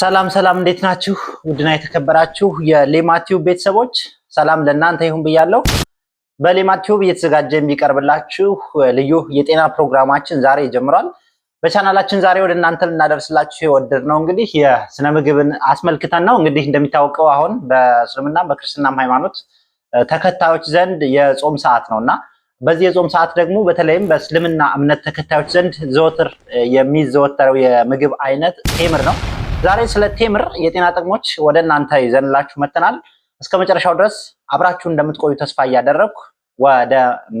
ሰላም ሰላም፣ እንዴት ናችሁ? ውድና የተከበራችሁ የሌማቲዩብ ቤተሰቦች ሰላም ለእናንተ ይሁን ብያለሁ። በሌማቲዩብ እየተዘጋጀ የሚቀርብላችሁ ልዩ የጤና ፕሮግራማችን ዛሬ ይጀምሯል። በቻናላችን ዛሬ ወደ እናንተ ልናደርስላችሁ የወደድ ነው እንግዲህ የስነ ምግብን አስመልክተን ነው። እንግዲህ እንደሚታወቀው አሁን በእስልምናም በክርስትናም ሃይማኖት ተከታዮች ዘንድ የጾም ሰዓት ነው እና በዚህ የጾም ሰዓት ደግሞ በተለይም በእስልምና እምነት ተከታዮች ዘንድ ዘወትር የሚዘወተረው የምግብ አይነት ቴምር ነው። ዛሬ ስለ ቴምር የጤና ጥቅሞች ወደ እናንተ ይዘንላችሁ መጥተናል። እስከ መጨረሻው ድረስ አብራችሁ እንደምትቆዩ ተስፋ እያደረግኩ ወደ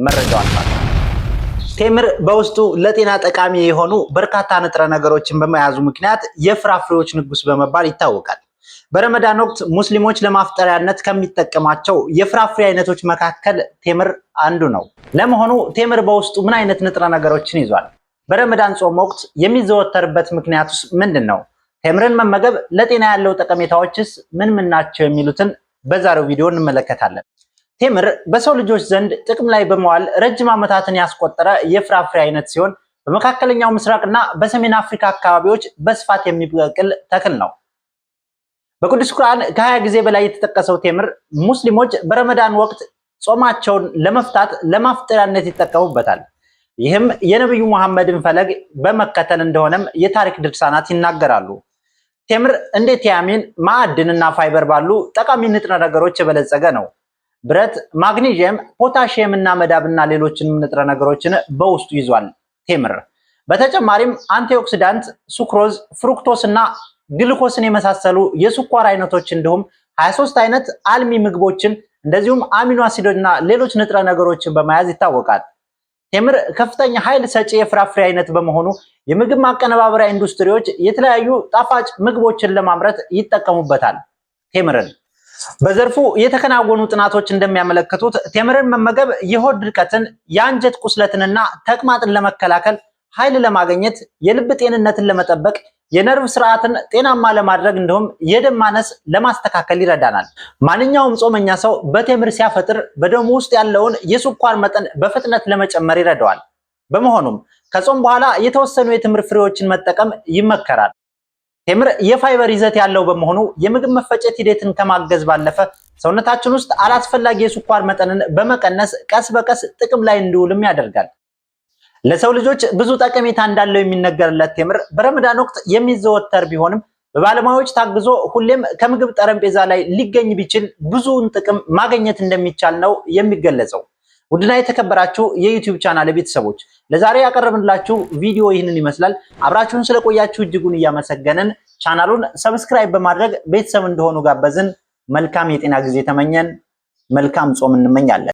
መረጃው አልፋለሁ። ቴምር በውስጡ ለጤና ጠቃሚ የሆኑ በርካታ ንጥረ ነገሮችን በመያዙ ምክንያት የፍራፍሬዎች ንጉስ በመባል ይታወቃል። በረመዳን ወቅት ሙስሊሞች ለማፍጠሪያነት ከሚጠቀማቸው የፍራፍሬ አይነቶች መካከል ቴምር አንዱ ነው። ለመሆኑ ቴምር በውስጡ ምን አይነት ንጥረ ነገሮችን ይዟል? በረመዳን ጾም ወቅት የሚዘወተርበት ምክንያት ውስጥ ምንድን ነው? ቴምርን መመገብ ለጤና ያለው ጠቀሜታዎችስ ምን ምን ናቸው የሚሉትን በዛሬው ቪዲዮ እንመለከታለን። ቴምር በሰው ልጆች ዘንድ ጥቅም ላይ በመዋል ረጅም ዓመታትን ያስቆጠረ የፍራፍሬ አይነት ሲሆን በመካከለኛው ምስራቅና በሰሜን አፍሪካ አካባቢዎች በስፋት የሚበቅል ተክል ነው። በቅዱስ ቁርአን ከሀያ ጊዜ በላይ የተጠቀሰው ቴምር ሙስሊሞች በረመዳን ወቅት ጾማቸውን ለመፍታት ለማፍጠሪያነት ይጠቀሙበታል። ይህም የነቢዩ መሐመድን ፈለግ በመከተል እንደሆነም የታሪክ ድርሳናት ይናገራሉ። ቴምር እንደ ቲያሚን ማዕድንና ፋይበር ባሉ ጠቃሚ ንጥረ ነገሮች የበለጸገ ነው። ብረት፣ ማግኒዥየም ፖታሽየም እና መዳብና ሌሎችንም ንጥረ ነገሮችን በውስጡ ይዟል። ቴምር በተጨማሪም አንቲኦክሲዳንት፣ ሱክሮዝ፣ ፍሩክቶስ እና ግልኮስን የመሳሰሉ የስኳር አይነቶች እንዲሁም 23 አይነት አልሚ ምግቦችን እንደዚሁም አሚኖ አሲዶች እና ሌሎች ንጥረ ነገሮችን በመያዝ ይታወቃል። ቴምር ከፍተኛ ኃይል ሰጪ የፍራፍሬ አይነት በመሆኑ የምግብ ማቀነባበሪያ ኢንዱስትሪዎች የተለያዩ ጣፋጭ ምግቦችን ለማምረት ይጠቀሙበታል። ቴምርን በዘርፉ የተከናወኑ ጥናቶች እንደሚያመለክቱት ቴምርን መመገብ የሆድ ድርቀትን፣ የአንጀት ቁስለትንና ተቅማጥን ለመከላከል ኃይል ለማግኘት፣ የልብ ጤንነትን ለመጠበቅ የነርቭ ስርዓትን ጤናማ ለማድረግ እንዲሁም የደም ማነስ ለማስተካከል ይረዳናል። ማንኛውም ጾመኛ ሰው በቴምር ሲያፈጥር በደሙ ውስጥ ያለውን የስኳር መጠን በፍጥነት ለመጨመር ይረዳዋል። በመሆኑም ከጾም በኋላ የተወሰኑ የቴምር ፍሬዎችን መጠቀም ይመከራል። ቴምር የፋይበር ይዘት ያለው በመሆኑ የምግብ መፈጨት ሂደትን ከማገዝ ባለፈ ሰውነታችን ውስጥ አላስፈላጊ የስኳር መጠንን በመቀነስ ቀስ በቀስ ጥቅም ላይ እንዲውልም ያደርጋል። ለሰው ልጆች ብዙ ጠቀሜታ እንዳለው የሚነገርለት ቴምር በረመዳን ወቅት የሚዘወተር ቢሆንም በባለሙያዎች ታግዞ ሁሌም ከምግብ ጠረጴዛ ላይ ሊገኝ ቢችል ብዙውን ጥቅም ማግኘት እንደሚቻል ነው የሚገለጸው። ውድና የተከበራችሁ የዩቲዩብ ቻናል ቤተሰቦች ለዛሬ ያቀረብንላችሁ ቪዲዮ ይህንን ይመስላል። አብራችሁን ስለቆያችሁ እጅጉን እያመሰገንን ቻናሉን ሰብስክራይብ በማድረግ ቤተሰብ እንደሆኑ ጋበዝን። መልካም የጤና ጊዜ ተመኘን። መልካም ጾም እንመኛለን።